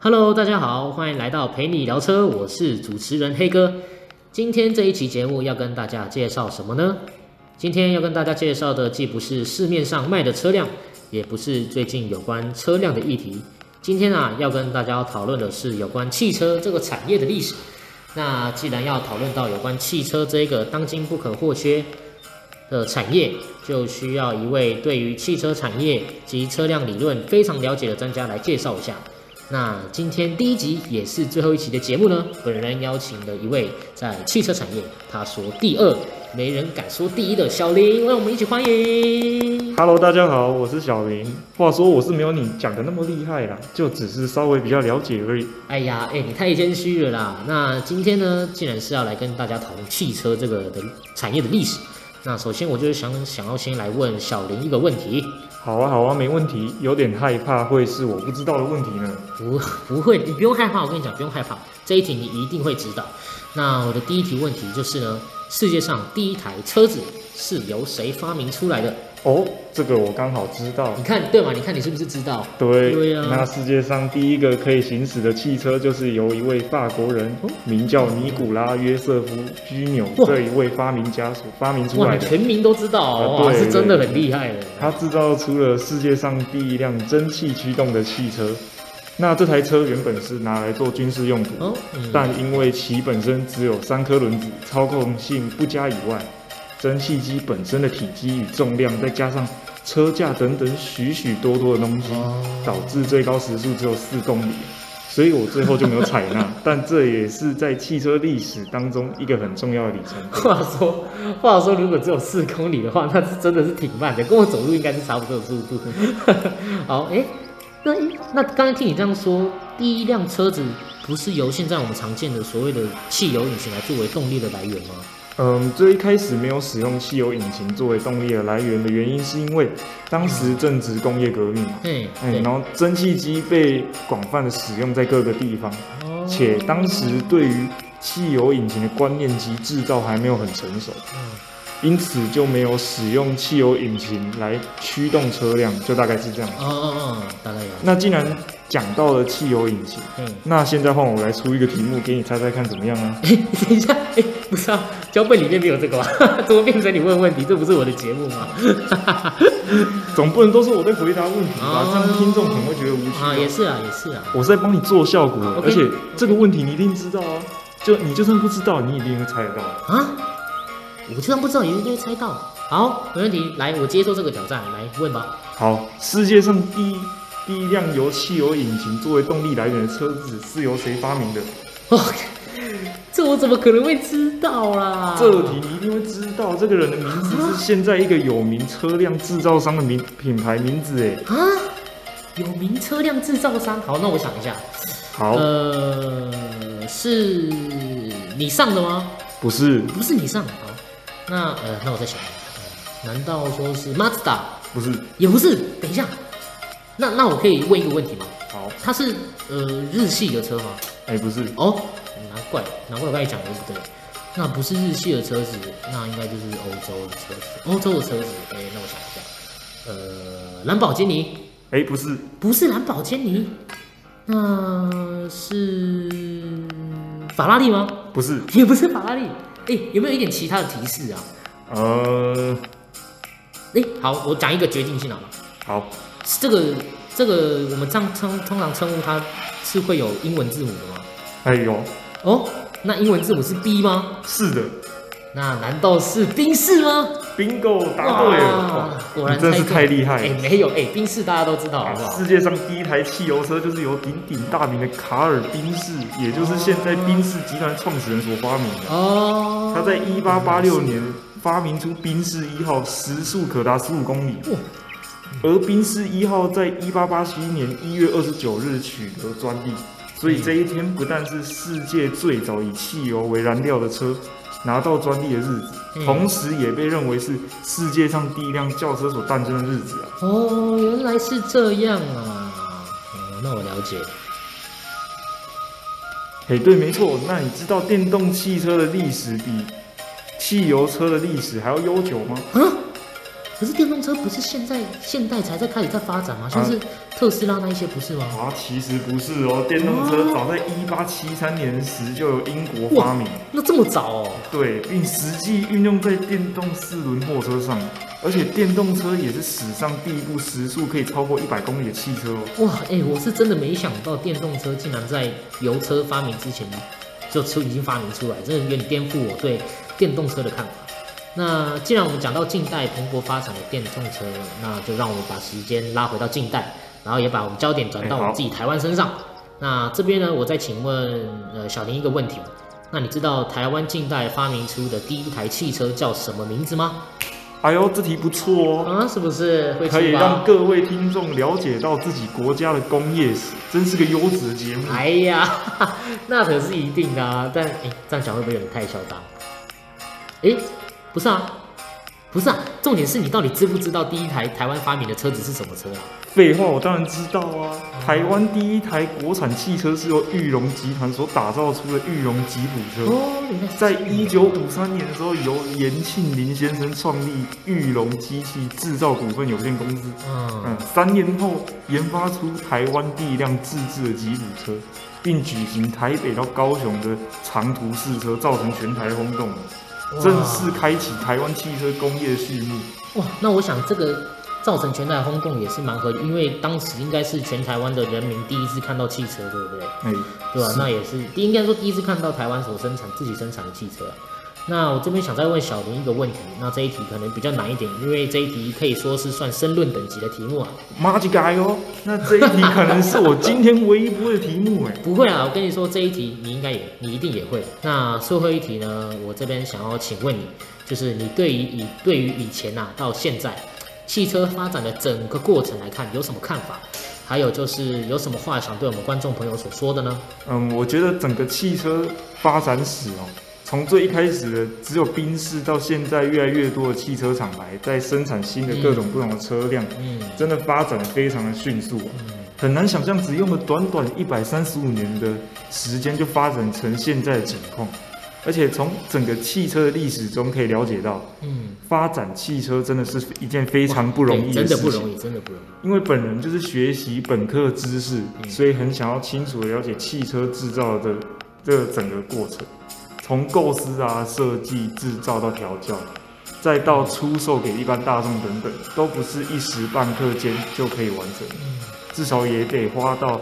Hello，大家好，歡迎來到陪你聊車，我是主持人黑哥。今天這一期節目要跟大家介紹什麼呢？今天要跟大家介紹的既不是市面上賣的車輛，也不是最近有關車輛的議題。今天啊，要跟大家討論的是有關汽車這個產業的歷史。那既然要討論到有關汽車這個當今不可或缺的產業，就需要一位對於汽車產業及車輛理論非常了解的專家來介紹一下。那今天第一集也是最後一集的節目呢，本人邀請了一位在汽車產業，他說第二沒人敢說第一的小林，讓我們一起歡迎。Hello，大家好，我是小林。話說我是沒有你講的那麼厲害啦，就只是稍微比較了解而已。哎呀，哎、欸，你太謙虛了啦。那今天呢，既然是要來跟大家討論汽車這個的產業的歷史，那首先我就是想想要先來問小林一個問題。好啊，好啊，沒問題。有點害怕，會是我不知道的問題呢？不，不會，你不用害怕。我跟你講，不用害怕，這一題你一定會知道。那我的第一題問題就是呢，世界上第一台車子是由誰發明出來的？哦，這個我剛好知道。你看，對嗎？你看，你是不是知道？對，對啊，那世界上第一個可以行駛的汽車，就是由一位法國人，哦，名叫尼古拉·約瑟夫·居紐哇這一位發明家所發明出來的。全名都知道，哦、呃、哇，對是真的很厲害的。他製造出了世界上第一輛蒸汽驅動的汽車。那這台車原本是拿來做軍事用途，哦嗯，但因為其本身只有三顆輪子，操控性不佳以外。蒸汽機本身的體積與重量，再加上車架等等許許多多的東西，導致最高時速只有四公里，所以我最後就沒有採納。 但這也是在汽車歷史當中一個很重要的里程碑。話說，話說，如果只有四公里的話，那是真的是挺慢的，跟我走路應該是差不多的速度。 好，誒、欸、那那剛才聽你這樣說，第一輛車子不是由現在我們常見的所謂的汽油引擎來作為動力的來源嗎？嗯，最一開始沒有使用汽油引擎作為動力的來源的原因，是因為當時正值工業革命嘛，對、嗯，嗯嗯嗯、然後蒸汽機被廣泛的使用在各個地方，嗯、且當時對於汽油引擎的觀念及製造還沒有很成熟，嗯、因此就沒有使用汽油引擎來驅動車輛，就大概是這樣。哦哦哦，大概有。嗯、那既然講到了汽油引擎，嗯，那現在換我來出一個題目給你猜猜看，怎麼樣啊？哎、欸，等一下，哎、欸，不知道、啊。腳本裡面沒有這個吧？ 怎麼變成你問問題？這不是我的節目嗎？ 總不能都說我在回答問題吧？哦、這樣聽眾可能會覺得無趣啊！也是啊，也是啊。我在幫你做效果，啊、okay, 而且這個問題你一定知道啊！啊 okay, 就你就算不知道，你一定會猜得到啊！我就算不知道，也一定會猜到。好，沒問題，來，我接受這個挑戰，來問吧。好，世界上第一第一輛由汽油引擎作為動力來源的車子是由誰發明的？Okay 我怎麼可能會知道啦？這題你一定會知道，啊、這個人的名字是現在一個有名車輛制造商的名品牌名字，哎啊，有名車輛製造商。好，那我想一下。好，呃，是你上的嗎？不是，不是你上的。好，那呃，那我再想，難道說是 Mazda？不是，也不是。等一下，那那我可以問一個問題嗎？好，它是呃日系的車嗎？哎、欸，不是。哦。難怪，難怪我剛才講的是不對。那不是日系的車子，那應該就是歐洲的車子。歐洲的車子，哎、欸，那我想一下，呃，藍寶堅尼，哎、欸，不是，不是藍寶堅尼，那、嗯、是法拉利嗎？不是，也不是法拉利。哎、欸，有沒有一點其他的提示啊？呃、嗯，哎、欸，好，我講一個決定性啊。好、這個，這個這個，我們常稱通常稱呼它是會有英文字母的嗎？哎呦。哦，那英文字母是 B 嗎？是的。那難道是賓士嗎？Bingo，答對了，果然對了，真是太厲害了。了、欸。沒有哎，賓、欸、士大家都知道、啊、吧，世界上第一台汽油車就是由鼎鼎大名的卡爾賓士，啊、也就是現在賓士集團創始人所發明的。哦、啊。他在1886年發明出賓士一號，時速可達十五公里。哇。嗯、而賓士一號在1881年1月29日取得專利。所以這一天不但是世界最早以汽油為燃料的車拿到專利的日子，嗯、同時也被認為是世界上第一輛轎車所誕生的日子啊！哦，原來是這樣啊！哦、嗯，那我了解。哎，對，沒錯。那你知道電動汽車的歷史比汽油車的歷史還要悠久嗎？啊可是電動車不是現在現代才在開始在發展嗎？像是特斯拉那些不是嗎？啊，其實不是哦，電動車早在一八七三年時就由英國發明，那這麼早哦？對，並實際運用在電動四輪貨車上，而且電動車也是史上第一部時速可以超過一百公里的汽車。哇，哎、欸，我是真的沒想到電動車竟然在油車發明之前就就已經發明出來，真的有點顛覆我對電動車的看法。那既然我們講到近代蓬勃發展的電動車，那就讓我們把時間拉回到近代，然後也把我們焦點轉到我們自己台灣身上。欸、好那這邊呢，我再請問呃小林一個問題：那你知道台灣近代發明出的第一台汽車叫什麼名字嗎？哎呦，這題不錯哦！啊，是不是會可以讓各位聽眾了解到自己國家的工業史？真是個優質的節目。哎呀，哈哈那可是一定的、啊。但誒、欸，這樣講會不會有點太囂張？欸不是啊，不是啊，重點是你到底知不知道第一台台灣發明的車子是什麼車啊？廢話，我當然知道啊！台灣第一台國產汽車是由裕隆集團所打造出的裕隆吉普車，哦、你在一九五三年的時候，由嚴慶林先生創立裕隆機器製造股份有限公司。嗯嗯，三年後研發出台灣第一輛自制的吉普車，並舉行台北到高雄的長途試車，造成全台轟動。哇正式開啟台灣汽車工業序幕。哇，那我想這個造成全台轟動也是蠻合理，因為當時應該是全台灣的人民第一次看到汽車，對不對？對吧？那也是應該說第一次看到台灣所生產、自己生產的汽車啊。那我這邊想再問小林一個問題，那這一題可能比較難一點，因為這一題可以說是算申論等級的題目啊。馬吉蓋喲，那這一題可能是我今天唯一不會的題目哎。 不會啊，我跟你說這一題你應該也你一定也會。那最後一題呢，我這邊想要請問你，就是你對於以對於以前啊，到現在汽車發展的整個過程來看有什麼看法？還有就是有什麼話想對我們觀眾朋友所說的呢？嗯，我覺得整個汽車發展史哦。從最一開始的只有賓士，到現在越來越多的汽車廠牌在生產新的各種不同的車輛，嗯，嗯，真的發展非常的迅速，嗯、很難想象只用了短短一百三十五年的時間就發展成現在的情況。而且從整個汽車的歷史中可以了解到，嗯、發展汽車真的是一件非常不容易的事情、欸。真的不容易。真的不容易，因為本人就是學習本科的知識，嗯、所以很想要清楚的了解汽車製造的這這整個過程。從構思啊、設計、製造到調教，再到出售給一般大眾等等，都不是一時半刻間就可以完成，嗯、至少也得花到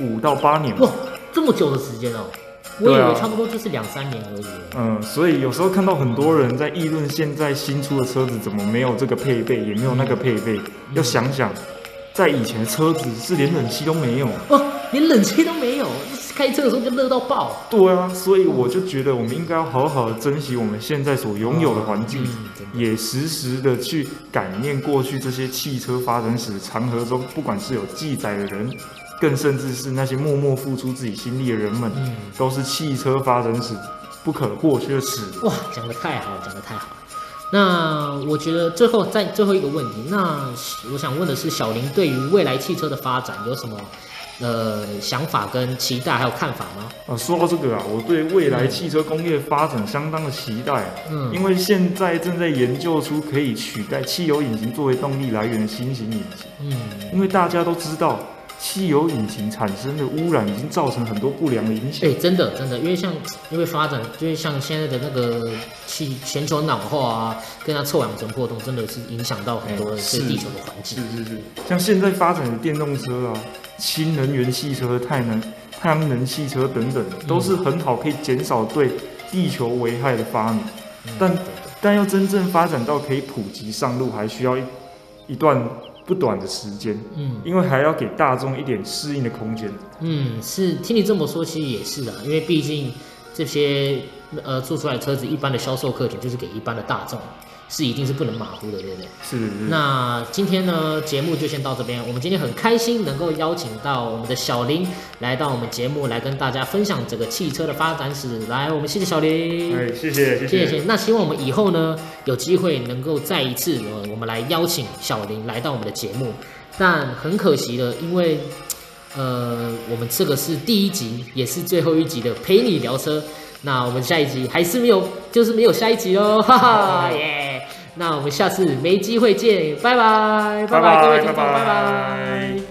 五到八年吧。哇，這麼久的時間哦、啊，我以為差不多就是兩、啊、三年而已。嗯，所以有時候看到很多人在議論現在新出的車子怎麼沒有這個配備，也沒有那個配備，嗯、要想想。在以前，車子是連冷氣都沒有，哦，連冷氣都沒有，開車的時候就熱到爆。對啊，所以我就覺得我們應該要好好的珍惜我們現在所擁有的環境，也時時的去感念過去這些汽車發展史長河中，不管是有記載的人，更甚至是那些默默付出自己心力的人們，都是汽車發展史不可或缺的史。哇，講得太好了，講得太好了。那我覺得最後再最後一個問題，那我想問的是，小霖對於未來汽車的發展有什麼，呃，想法跟期待還有看法嗎？啊，說到這個啊，我對未來汽車工業的發展相當的期待啊，嗯，因為現在正在研究出可以取代汽油引擎作為動力來源的新型引擎，嗯，因為大家都知道。汽油引擎產生的污染已經造成很多不良的影響。哎、欸，真的，真的，因為像因為發展，就是像現在的那個氣全球暖化啊，跟它臭氧層破洞，真的是影響到很多是地球的環境。欸、是是是，是，是，像現在發展的電動車啊，新能源汽車、太能太陽能汽車等等，都是很好可以減少對地球危害的發明。嗯、但、嗯、但要真正發展到可以普及上路，還需要一一段，不短的時間，嗯，因為還要給大眾一點適應的空間。嗯，是，聽你這麼說，其實也是啊，因為畢竟這些呃做出來車子，一般的銷售客群就是給一般的大眾。是一定是不能馬虎的，對不對？是。是那今天呢，節目就先到這邊。我們今天很開心能夠邀請到我們的小霖來到我們節目來跟大家分享整個汽車的發展史。來，我們謝謝小霖。哎，謝謝，謝謝，謝謝謝謝。那希望我們以後呢，有機會能夠再一次，我們來邀請小霖來到我們的節目。但很可惜的，因為，呃，我們這個是第一集，也是最後一集的《陪你聊車》。那我們下一集還是沒有，就是沒有下一集哦，哈 哈。耶。那我們下次沒機會見，拜拜，拜拜，拜拜，各位聽眾，拜拜。拜拜拜拜。